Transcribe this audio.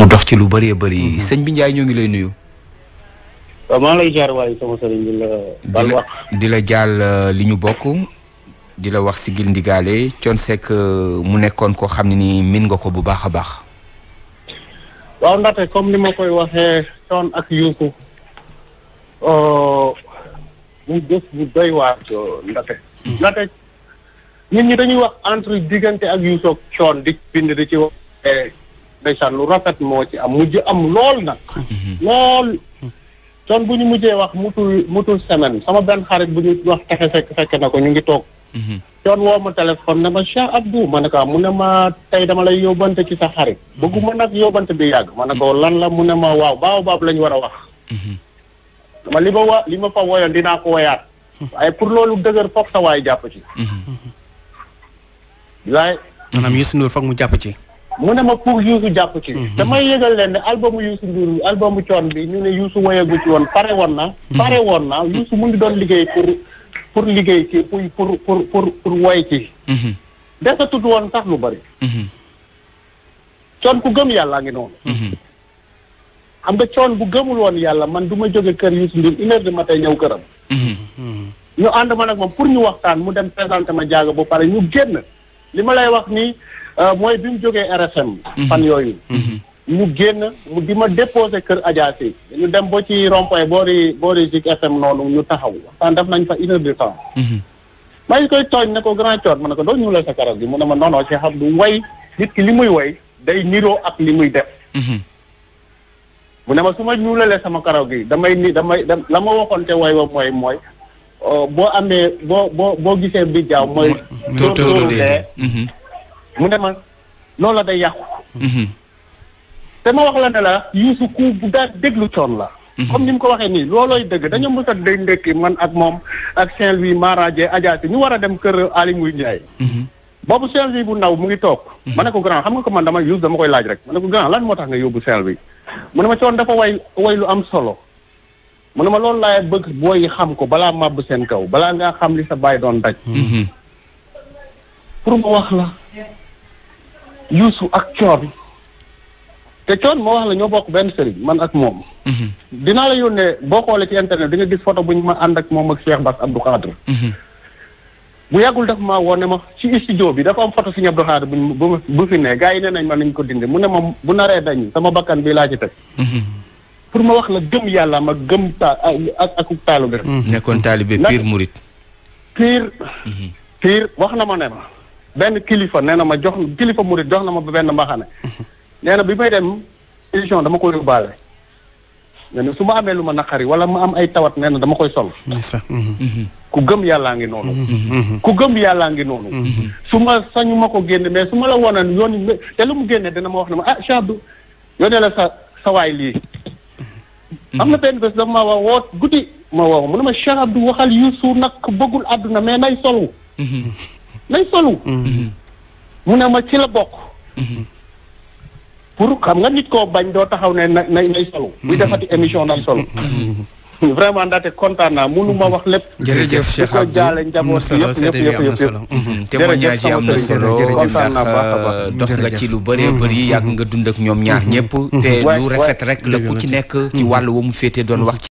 mu dox ci lu bëree bëri. Mhm. sëñ bi njaay ñoo ngi lay nuyu. waaw lay jaar waaye sama sëriñ di euh, li ñu bokk. di la wax Sigil Ndigalé Thione Seck euh, mu nekkoon koo xam ne nii min nga ko bu baax a baax. waaw comme ni koy waxee ak Youssou. Euh, muy bés bu doy waar ndaxte. ndaxte nit ñi dañuy wax entre diggante ak Youssou ak Thione ci eh, ndeysaan lu rafet moo ci am mujj am lool nag lool kon bu ñu mujjee wax mutul mutul semaine sama benn xarit bu ñu wax texe fekk fekk na ko ñu ngi toog coon woo ma téléphone ne ma Cheikh Abdou ma ne ah, mu ne ma tey dama lay yóbbante ci sa xarit bëgguma nag yóbbante bi yàgg ma ne ko lan la mu ne ma waaw baaw baab lañ war a wax ma li ma wa li ma fa woyoon dinaa ko woyaat waaye pour loolu dëgër foog sa waay jàpp ci mhm. waaye maanaam Youssou Ndour foog mu jàpp ci mu ne ma pour Youssou jàpp ci. damay mhm. yëgal leen ne albumu Youssou Ndour albumu coon bi ñu ne Youssou woyagu ci woon pare woon na. Mhm. pare woon na Youssou mu ngi doon liggéey pour pour liggéey ci pour pour pour pour pour woy ci. Mhm. desatut woon sax lu bari. coon ku gëm yàlla ngi noonu. xam nga coon bu gëmul woon yàlla man du ma jóge kër Youssou Ndour une heure du matin ñëw këram. ñu ànd ma nag moom pour ñu waxtaan mu dem présenté ma jaaga ba pare ñu génn li ma lay wax nii Euh, mooy bi mu jógee RFM. Mhm. fan yooyu. ñu mhm. génn mu di ma déposé kër Adja Sy ñu dem ba ci rond-point boo boori Zik FM noonu ñu taxaw waxtaan nañ fa une heure de temps. Mhm. koy tooñ na ko grand coot ma ne ko doo ñuulal sa karas gi mu ne ma non non Cheikh Abdou way nit ki li muy way day niroo ak li muy def. mu ne ma su ma ñuulalee sama karaw gi damay ni damay la ma waxoon te way wa mooy mooy euh, boo amee boo boo boo gisee bi jaaw mooy. tóor tóoru dee mu ne ma noonu la day yàqu. Mhm. te ma wax la ne la Youssou bu daan déglu coon la. Mhm. comme ni mu ko waxee nii loolooy dëgg dañoo mos a day ndekki man ak moom ak Saint-Louis Maraje Adjaasi ñu war a dem kër Aly mhm. boobu Saint-Louis bu ndaw mu ngi toog. ma ne ko grand xam nga ko man dama Youssou dama koy laaj rek ma ne ko lan moo tax nga yóbbu Saint-Louis mu ne ma coon dafa way way lu am solo. mu ne ma loolu laay bëgg booy xam ko balaa màbb seen kaw balaa ngaa xam li sa baay doon daj. pour ma wax la. yuusu ak coon te coon moo wax la ñoo bokk benn sëriñ man ak moom mhm. dinaa la yónnee boo xoolee ci internet di nga gis photo bu ñu ma ànd ak moom ak seex Bass Abdou Khadre mhm. bu yàggul dafa maa woon ne ma ci studio bi dafa am photo Serigne Abdou Khadre bu bu fi ne gars yi nee nañ ma nañ ko dindi mu ne ma bu naree dañ sama bakkan bi laa ci teg mhm. pour ma wax la gëm yàlla ma gëm ta ak ak taalibe nekkoon taalibe pire murit pire pire wax na ma ne ma benn kilifa nee na ma jox kilifa murit jox na ma ba benn mbaxane nee bi may dem émission dama ko yóbbaale nee su ma amee lu ma naqari wala ma am ay tawat nee dama koy sol ku gëm yàllaa ngi noonu ku gëm yàllaa ngi noonu su ma sañu ma ko génne mais su ma la wonan yoon te lu mu génne dina ma wax ne ma ah Cheikh Abdou yónnee la sa sa waay lii am na benn bés dafa ma wax woot guddi ma wax mu ne ma Cheikh Abdou waxal Youssou nag bëggul àdduna mais nay solu nañ falu mm-hmm. mu ma ci la bokk mm-hmm. pour xam nga nit koo bañ doo taxaw ne na nay nay solo. buy mm-hmm. defati émission na solo. vraiment ndaxte kontaan naa mënu ma wax lépp. jërëjëf Cheikh Abdou di ko jaale njaboot am na solo kontaan naa baax a baax ah, dox nga ci lu bëree bëri yàgg nga dund ak ñoom ñaar ñëpp. te lu rafet rek la ci nekk. ci wàll wu mu féete doon wax.